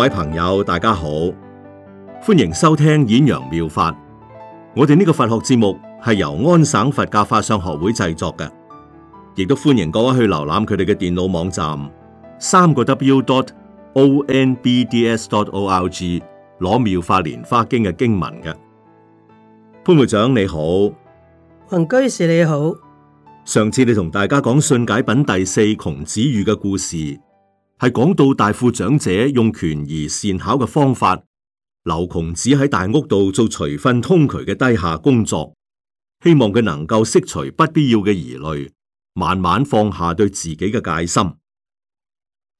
各位朋友，大家好，歡迎收聽《演揚妙,妙法》。我哋呢個佛學節目係由安省佛教化商學會製作嘅，亦都歡迎各位去瀏覽佢哋嘅電腦網站，三個 W dot O N B D S dot O R G 攞《妙法蓮花經》嘅經文嘅。潘會長你好，云居士你好，上次你同大家講《信解品》第四窮子喻嘅故事。係講到大富長者用權宜善巧嘅方法，留窮子喺大屋度做除糞通渠嘅低下工作，希望佢能夠釋除不必要嘅疑慮，慢慢放下對自己嘅戒心。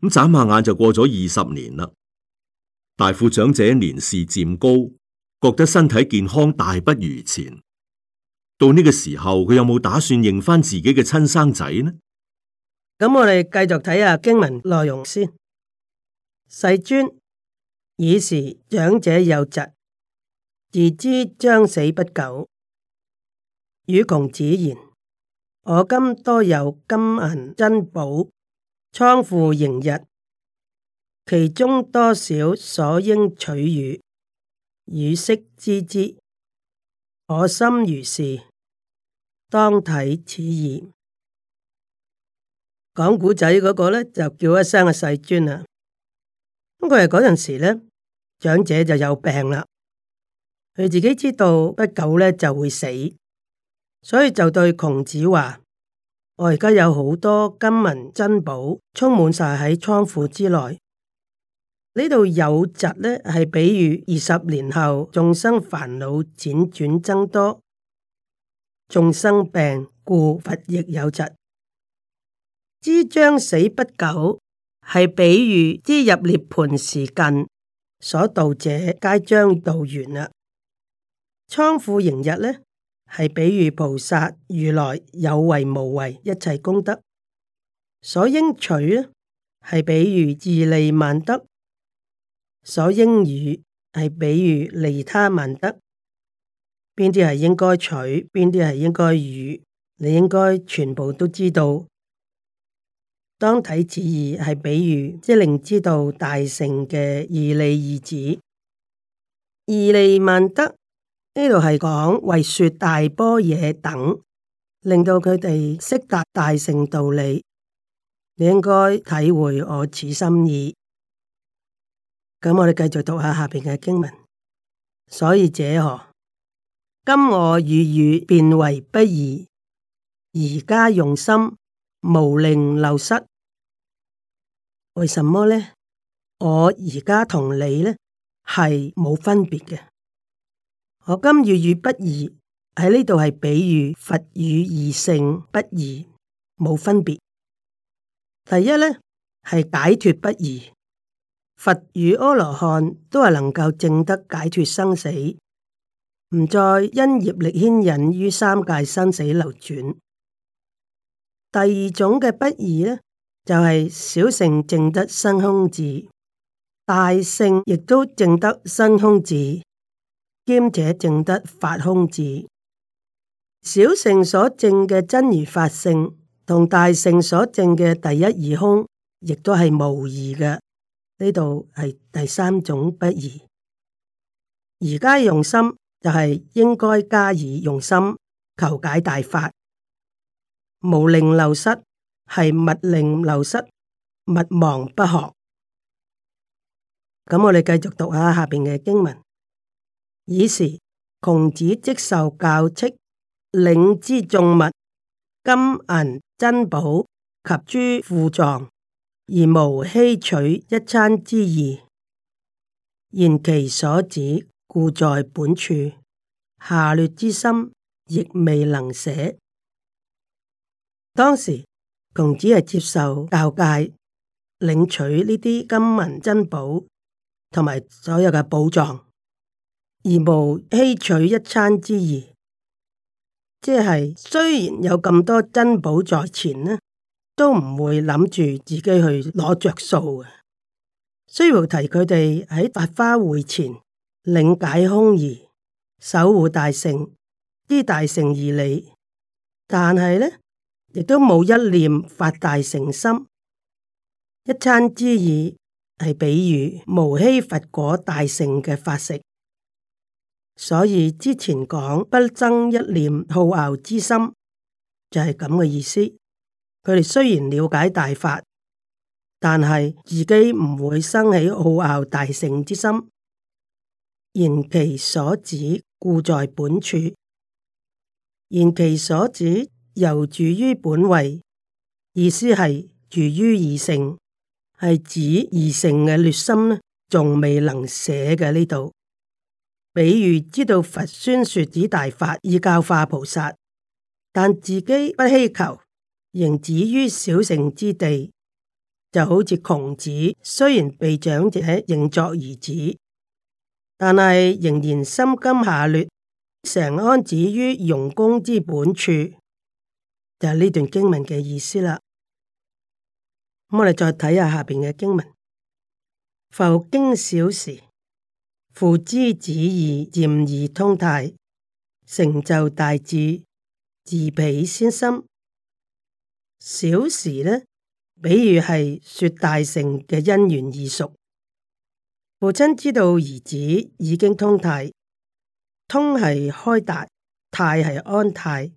咁眨下眼就過咗二十年啦。大富長者年事漸高，覺得身體健康大不如前。到呢個時候，佢有冇打算認返自己嘅親生仔呢？咁我哋繼續睇下經文內容先。世尊爾時長者有疾，自知將死不久，與窮子言：我今多有金銀珍寶，倉庫盈溢，其中多少所應取與，汝悉知之。我心如是，當體此意。講古仔嗰個咧就叫一聲嘅細尊啊，咁佢係嗰陣時咧，長者就有病啦，佢自己知道不久咧就會死，所以就對窮子話：我而家有好多金銀珍寶，充滿晒喺倉庫之內。呢度有疾咧，係比喻二十年後眾生煩惱輾轉增多，眾生病，故佛亦有疾。知將死不久，係比喻知入涅盤時近，所道者皆將道完啦。倉庫盈溢咧，係比喻菩薩如來有為無為一切功德。所應取啊，係比喻自利萬德；所應與，係比喻利他萬德。邊啲係應該取，邊啲係應該與，你應該全部都知道。當睇此意係比喻，即令知道大成嘅義利二字，義利萬德呢度係講為說大波嘢等，令到佢哋識達大成道理。你應該體會我此心意。咁我哋繼續讀下下邊嘅經文。所以者何？今我與汝便為不異，而家用心無令漏失。為什麼呢？我而家同你呢係冇分別嘅。我今與汝不二，喺呢度係比喻佛與二性不二，冇分別。第一呢係解脫不二，佛與阿羅漢都係能夠證得解脫生死，唔再因業力牽引於三界生死流轉。第二種嘅不二呢。就係小聖證得身空智，大聖亦都證得身空智，兼且證得法空智。小聖所證嘅真如法性，同大聖所證嘅第一義空，亦都係無疑嘅。呢度係第三種不疑。而家用心就係、是、應該加以用心求解大法，無令流失。係勿令流失，勿忘不學。咁我哋繼續讀下下邊嘅經文。以時窮子即受教斥，領知眾物金銀珍寶及諸富藏，而無希取一餐之意。言其所指，故在本處下劣之心，亦未能捨。當時。同只係接受教戒，領取呢啲金銀珍寶同埋所有嘅寶藏，而無欺取一餐之意。即係雖然有咁多珍寶在前呢，都唔會諗住自己去攞着數啊。雖無提佢哋喺法花會前領解空儀，守護大聖，依大聖而嚟，但係呢？亦都冇一念發大乘心，一餐之意，係比喻無希佛果大乘嘅法食，所以之前講不增一念好樂之心就係咁嘅意思。佢哋雖然了解大法，但係自己唔會生起好樂大乘之心，言其所指，故在本處，言其所指。由住於本位，意思係住於二乘，係指二乘嘅劣心仲未能捨嘅呢度。比如知道佛宣說之大法以教化菩薩，但自己不希求，仍止於小乘之地，就好似窮子，雖然被長者認作兒子，但係仍然心甘下劣，成安止於傭功之本處。就係呢段經文嘅意思啦。咁我哋再睇下下邊嘅經文。復經少時，父知子意，漸已通泰，成就大志，自鄙先心。小時呢，比喻係說大成嘅因緣已熟，父親知道兒子已經通泰，通係開達，泰係安泰。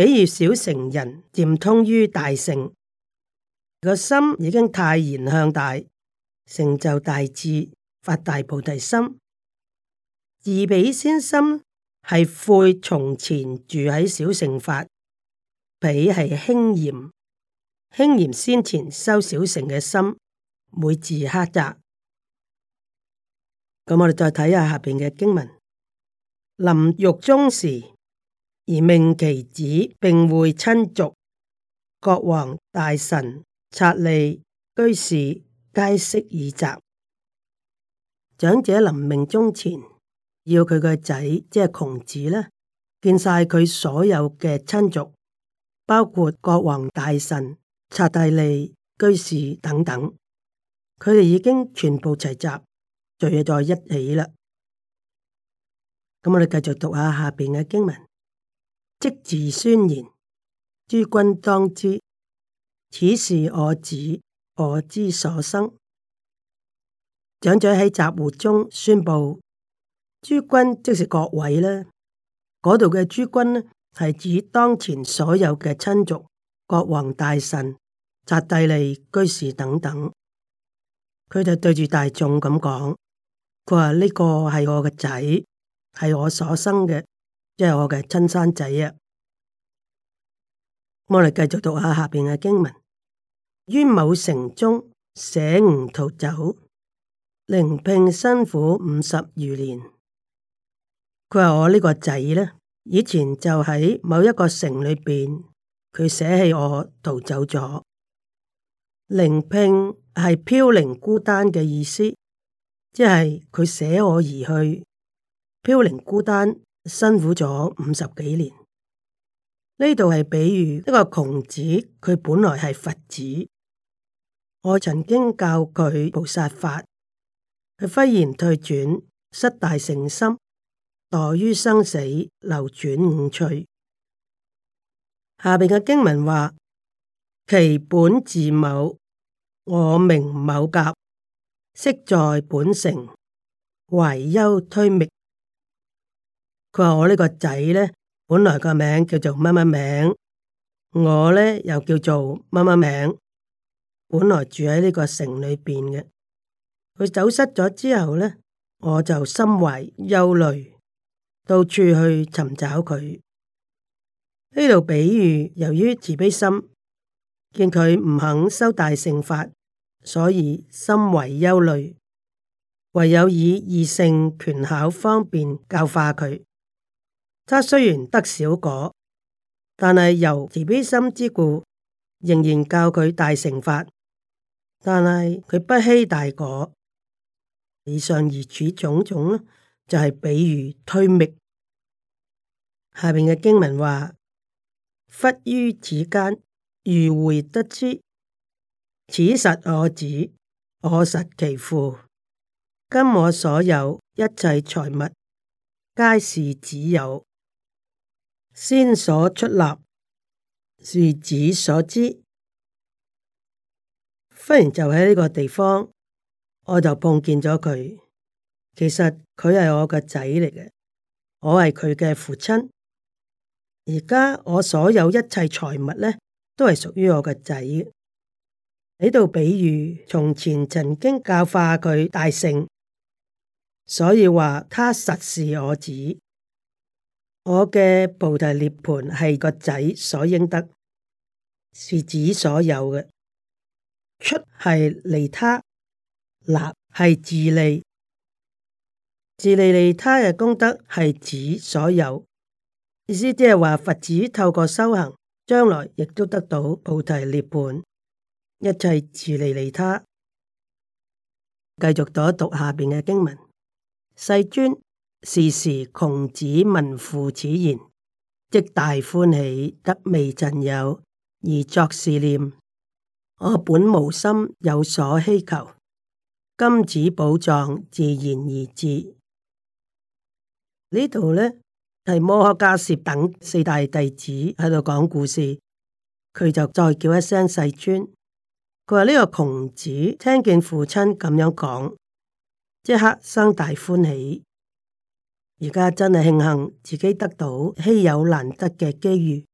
比如小乘人漸通於大乘，個心已經泰然向大，成就大智，發大菩提心。而比先心係悔從前住喺小乘法，比係輕嚴，輕嚴先前修小乘嘅心，每字刻責。咁我哋再睇下下邊嘅經文，臨欲終時。而命其子，並會親族、國王、大臣、剎利居士，皆悉已集。長者臨命終前，要佢個仔，即係窮子咧，見晒佢所有嘅親族，包括國王、大臣、剎帝利居士等等，佢哋已經全部齊集，聚咗在一起啦。咁我哋繼續讀下下邊嘅經文。即自宣言，諸君當知，此是我子，我之所生。長者喺集會中宣布，諸君即是各位呢。嗰度嘅諸君呢，係指當前所有嘅親族、國王、大臣、剎帝利、居士等等。佢就對住大眾咁講，佢話呢個係我嘅仔，係我所生嘅。即係我嘅親生仔啊！我哋繼續讀下下邊嘅經文：於某城中捨吾逃走，伶俜辛苦五十餘年。佢話我呢個仔呢，以前就喺某一個城裏邊，佢捨棄我逃走咗。伶俜係飄零孤單嘅意思，即係佢捨我而去，飄零孤單。辛苦咗五十幾年，呢度係比喻一個窮子，佢本來係佛子，我曾經教佢菩薩法，佢忽然退轉，失大乘心，墮於生死流轉五趣。下邊嘅經文話：其本字某，我名某甲，昔在本城，懷憂推覓。佢話：我呢個仔呢，本來個名叫做乜乜名，我呢又叫做乜乜名。本來住喺呢個城裏邊嘅，佢走失咗之後呢，我就心懷憂慮，到處去尋找佢。呢度比喻，由於慈悲心，見佢唔肯修大乘法，所以心懷憂慮，唯有以二乘權巧方便教化佢。他雖然得小果，但係由慈悲心之故，仍然教佢大乘法。但係佢不欺大果。以上如此種種，就係比喻推覓。下面嘅經文話：忽於此間，遇會得之，此實我子，我實其父。今我所有一切財物，皆是子有。先所出立，是子所知。忽然就喺呢個地方，我就碰見咗佢。其實佢係我嘅仔嚟嘅，我係佢嘅父親。而家我所有一切財物咧，都係屬於我嘅仔。喺度比喻，從前曾經教化佢大乘，所以話他實是我子。我嘅菩提涅槃係個仔所應得，是子所有嘅。出係利他，立係自利，自利利他嘅功德係子所有。意思即係話佛子透過修行，將來亦都得到菩提涅槃。一切自利利他。繼續讀一讀下面嘅經文，世尊。是時窮子聞父此言，即大歡喜，得未曾有而作是念：我本無心有所希求，今子寶藏自然而至。呢度呢，係摩訶迦葉等四大弟子喺度講故事，佢就再叫一聲世尊，佢話呢個窮子聽見父親咁樣講，即刻生大歡喜。而家真係慶幸自己得到稀有難得嘅機遇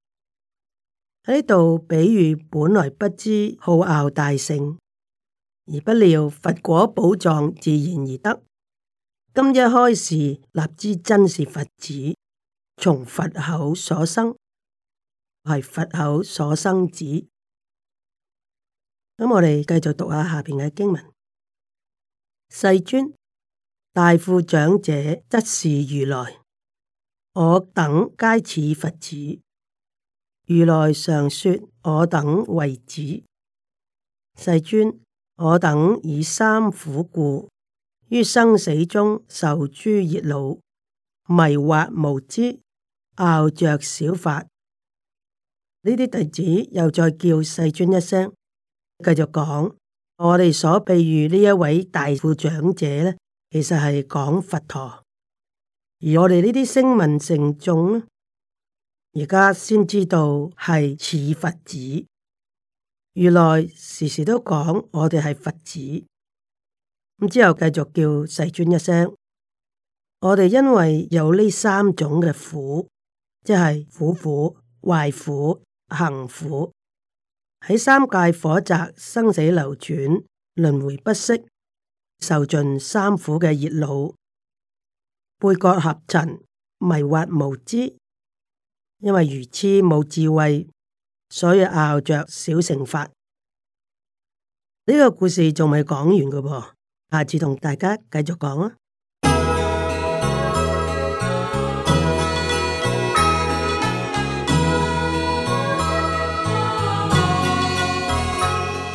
喺呢度，比喻本來不知好惡大勝，而不料佛果寶藏自然而得。今一開始立之真是佛子，從佛口所生，為佛口所生子。咁我哋繼續讀下下邊嘅經文，世尊。大富長者則是如來，我等皆似佛子，如來常說我等為子。世尊，我等以三苦故，於生死中受諸熱惱，迷惑無知，樂着小法。呢啲弟子又再叫世尊一聲，繼續講我哋所譬喻呢一位大富長者呢。」其實係講佛陀，而我哋呢啲聲聞乘眾，而家先知道係似佛子。如來時時都講我哋係佛子，咁之後繼續叫世尊一聲。我哋因為有呢三種嘅苦，即係苦苦、壞苦、行苦，喺三界火宅，生死流轉，輪回不息。受盡三苦嘅熱惱，背覺合塵，迷惑無知。因為如此冇智慧，所以拗着小乘法。呢、這個故事仲未講完噶噃，下次同大家繼續講啊！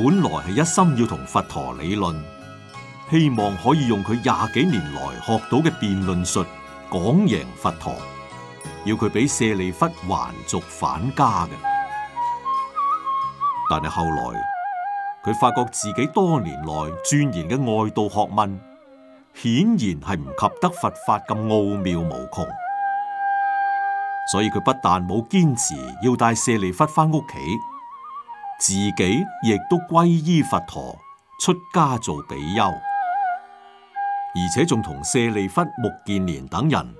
本來係一心要同佛陀理論，希望可以用佢廿幾年來學到嘅辯論術講贏佛陀，要佢俾舍利弗還俗返家嘅。但係後來佢發覺自己多年來鑽研嘅外道學問，顯然係唔及得佛法咁奧妙無窮，所以佢不但冇堅持要帶舍利弗翻屋企。自己亦都皈依佛陀，出家做比丘，而且仲同舍利弗、目犍連等人，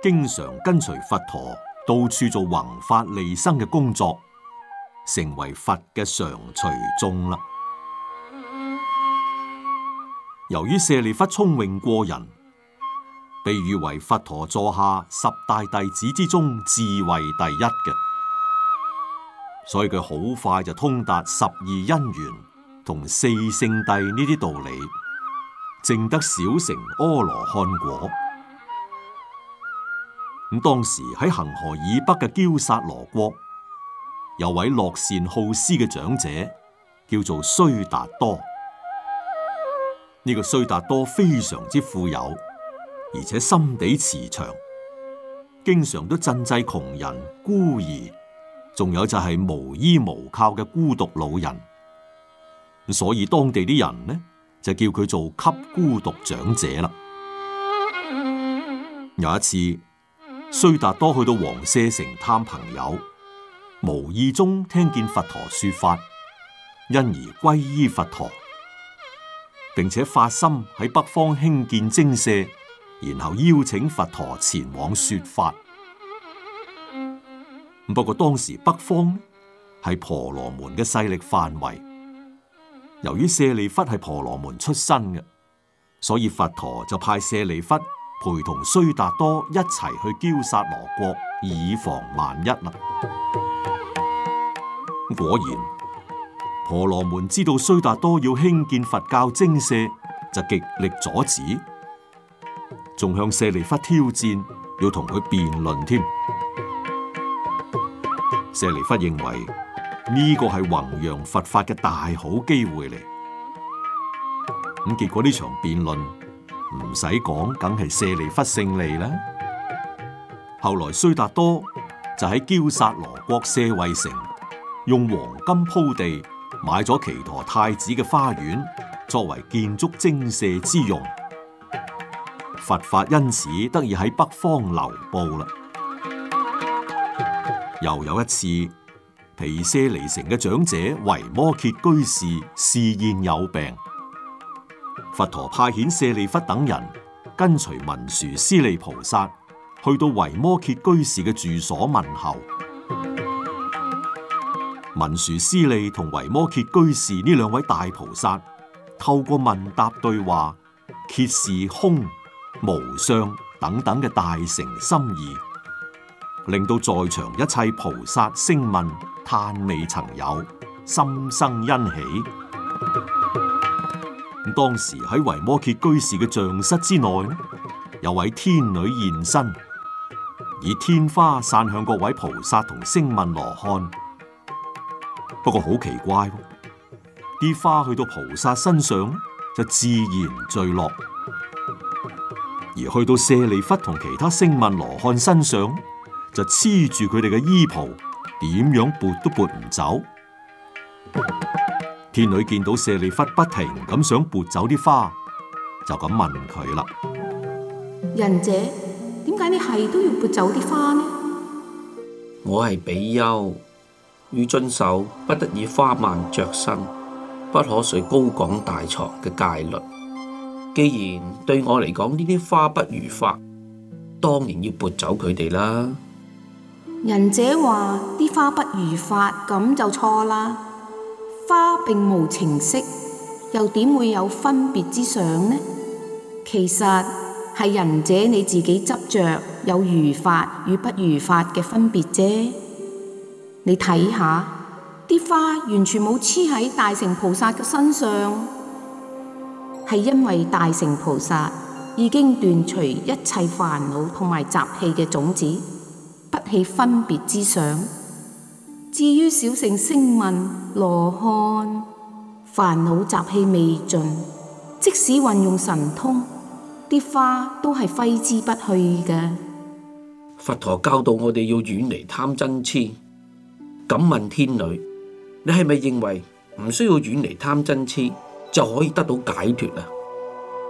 經常跟隨佛陀到處做弘法利生嘅工作，成為佛嘅常隨眾啦。由於舍利弗聰穎過人，被譽為佛陀座下十大弟子之中智慧第一嘅。所以佢好快就通達十二因緣同四聖諦呢啲道理，證得小乘阿羅漢果。咁當時喺恒河以北嘅鳩薩羅國，有位樂善好施嘅長者，叫做須達多。呢、這個須達多非常之富有，而且心地慈祥，經常都賑濟窮人、孤兒。仲有就係無依無靠嘅孤獨老人，所以當地啲人呢就叫佢做給孤獨長者啦。有一次，須達多去到王舍城探朋友，無意中聽見佛陀說法，因而皈依佛陀，並且發心喺北方興建精舍，然後邀請佛陀前往說法。不過當時北方呢係婆羅門嘅勢力範圍，由於舍利弗係婆羅門出身嘅，所以佛陀就派舍利弗陪同須達多一齊去憍薩羅國，以防萬一啦。果然婆羅門知道須達多要興建佛教精舍，就極力阻止，仲向舍利弗挑戰，要同佢辯論添。舍利弗認為呢個係弘揚佛法嘅大好機會嚟，咁結果呢場辯論唔使講，梗係舍利弗勝利啦。後來須達多就喺嬌薩羅國舍衛城用黃金鋪地買咗耆陀太子嘅花園，作為建築精舍之用。佛法因此得以喺北方流布啦。又有一次，皮舍離城嘅長者維摩詰居士示現有病，佛陀派遣舍利弗等人跟隨文殊師利菩薩去到維摩詰居士嘅住所問候。文殊師利同維摩詰居士呢兩位大菩薩透過問答對話，揭示空、無相等等嘅大乘心意。令到在場一切菩薩聲聞嘆未曾有，心生欣喜。當時喺維摩詰居士嘅像室之內，有位天女現身，以天花散向各位菩薩同聲聞羅漢。不過好奇怪，啲花去到菩薩身上就自然墜落，而去到舍利弗同其他聲聞羅漢身上，就黐住佢哋嘅衣袍，點樣撥都撥唔走。天女見到舍利弗不停咁想撥走啲花，就咁問佢啦：仁者，點解你係都要撥走啲花呢？我係比丘，要遵守，不得以花蔓着身，不可睡高廣大床嘅戒律。既然對我嚟講呢啲花不如法，當然要撥走佢哋啦。仁者話啲花不如法，咁就錯啦，花並無情識，又點會有分別之相呢？其實係仁者你自己執着有如法與不如法嘅分別啫。你睇下啲花完全冇黐喺大乘菩薩嘅身上，係因為大乘菩薩已經斷除一切煩惱同埋習氣嘅種子。不起分別之想。至於小乘聲聞羅漢，煩惱雜氣未盡，即使運用神通，啲花都係揮之不去嘅。佛陀教導我哋要遠離貪嗔痴。敢問天女，你係咪認為唔需要遠離貪嗔痴就可以得到解脱啊？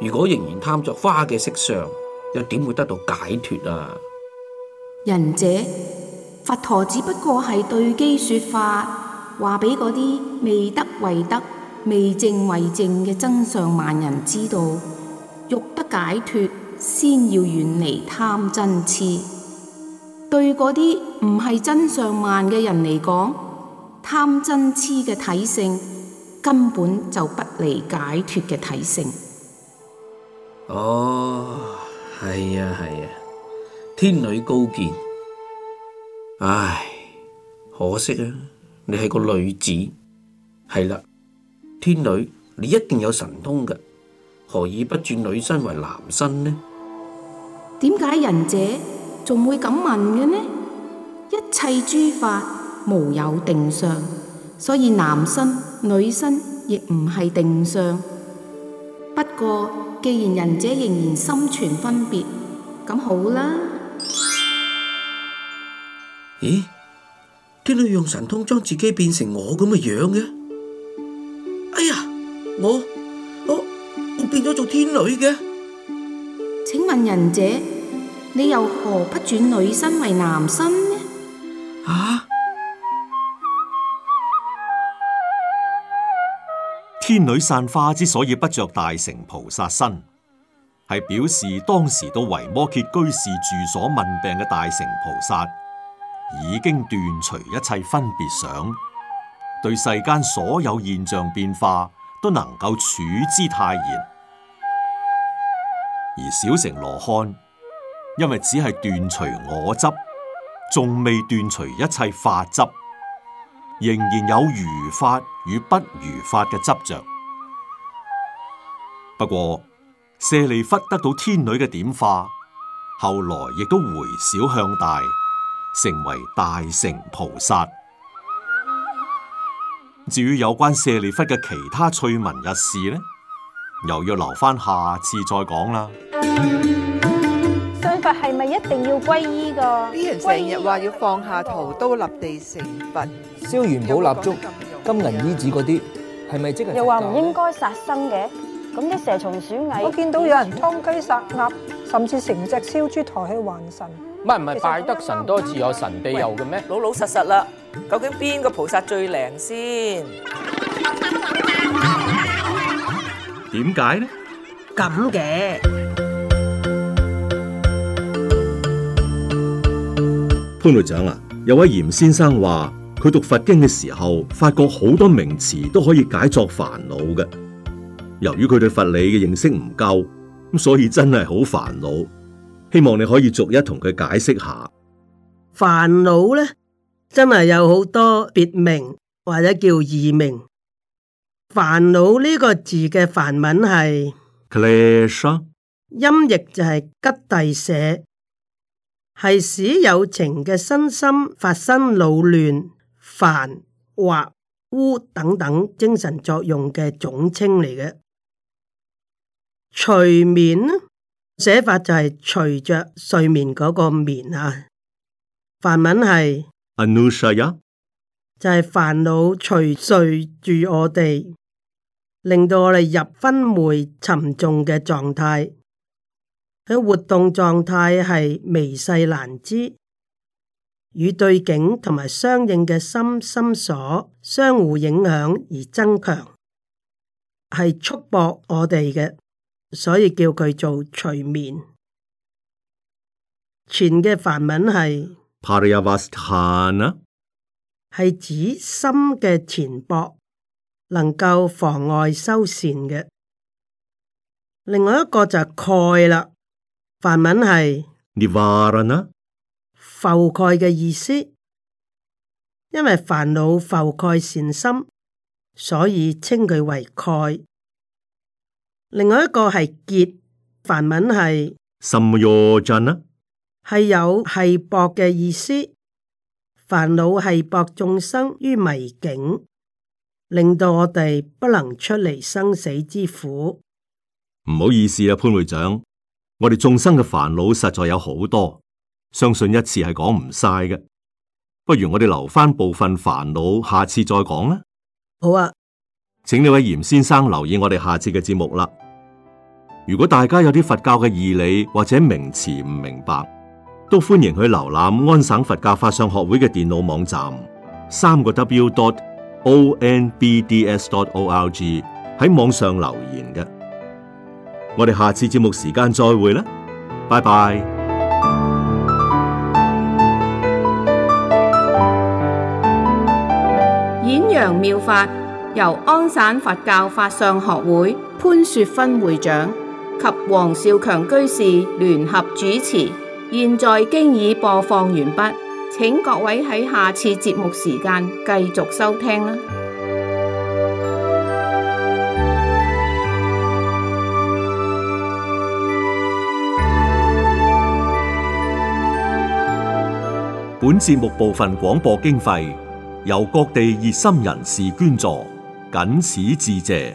如果仍然貪著花嘅色相，又點會得到解脱啊？仁者，佛陀只不過係對機說法，話俾嗰啲未得為得、未證為證嘅真相萬人知道。欲得解脫，先要遠離貪嗔癡。對嗰啲唔係真相萬嘅人嚟講，貪嗔癡嘅體性根本就不離解脫嘅體性。哦，係啊，係啊。天女高見，唉，可惜啊，你係個女子。係啦，天女，你一定有神通嘅，何以不轉女身為男身呢？點解仁者仲會咁問嘅呢？一切諸法無有定相，所以男身、女身亦唔係定相。不過既然仁者仍然心存分別，咁好啦。咦？天女用神通將自己變成我咁嘅樣嘅？哎呀，我我我變咗做天女嘅？請問仁者，你又何不轉女身為男身呢？啊！天女散花之所以不着大乘菩薩身，係表示當時到維摩詰居士住所問病嘅大乘菩薩。已經斷除一切分別想，對世間所有現象變化都能夠處之泰然。而小乘羅漢因為只係斷除我執，仲未斷除一切法執，仍然有如法與不如法嘅執着。不過，舍利弗得到天女嘅點化，後來亦都回小向大，成為大乘菩薩。至於有關舍利弗嘅其他趣聞軼事呢，又要留翻下，下次再講啦。信佛係咪一定要皈依噶？成日話要放下屠刀立地成佛，燒元寶蠟燭、金銀衣紙嗰啲，係咪即係又話唔應該殺生嘅？咁啲蛇蟲鼠蟻，我見到有人湯雞殺鴨，甚至成隻燒豬抬去還神。唔唔係，拜得神多自有神庇佑嘅咩？老老實實啦，究竟邊個菩薩最靚先？點解呢？咁嘅潘隊長啊，有位嚴先生話佢讀佛經嘅時候，發覺好多名詞都可以解作煩惱嘅。由於佢對佛理嘅認識唔夠，咁所以真係好煩惱。希望你可以逐一同佢解釋下煩惱咧，真係有好多別名或者叫異名。煩惱呢個字嘅梵文係 Clash，音譯就係吉帝舍，係使有情嘅身心發生惱亂、煩惑污等等精神作用嘅總稱嚟嘅。隨眠。寫法就係隨着睡眠嗰個眠啊，梵文係 Anushaya，就係煩惱隨睡住我哋，令到我哋入昏昧沉重嘅狀態。喺活動狀態係微細難知，與對境同埋相應嘅心心所相互影響而增強，係束縛我哋嘅。所以叫佢做隨眠。纏嘅梵文係，帕里亞瓦斯坦啊，係指心嘅纏縛，能夠妨礙修善嘅。另外一個就係蓋啦，梵文係尼瓦啦，覆蓋嘅意思。因為煩惱浮蓋善心，所以稱佢為蓋。蓋另外一個係結，梵文係什麼？羅陣啊，係有係薄嘅意思。煩惱係薄眾生於迷境，令到我哋不能出離生死之苦。唔好意思啊，潘會長，我哋眾生嘅煩惱實在有好多，相信一次係講唔晒嘅。不如我哋留翻部分煩惱，下次再講啦。好啊，請呢位嚴先生留意我哋下次嘅節目啦。如果大家有啲佛教嘅義理或者名詞唔明白，都歡迎去瀏覽安省佛教法相學會嘅電腦網站， 三個 W dot O N B D S dot O R G 喺網上留言嘅。我哋下次節目時間再會啦，拜拜。演揚妙法由安省佛教法相學會潘雪芬會長及黃少強居士聯合主持，現在經已播放完畢，請各位喺下次節目時間繼續收聽啦。本節目部分廣播經費由各地熱心人士捐助，僅此致謝。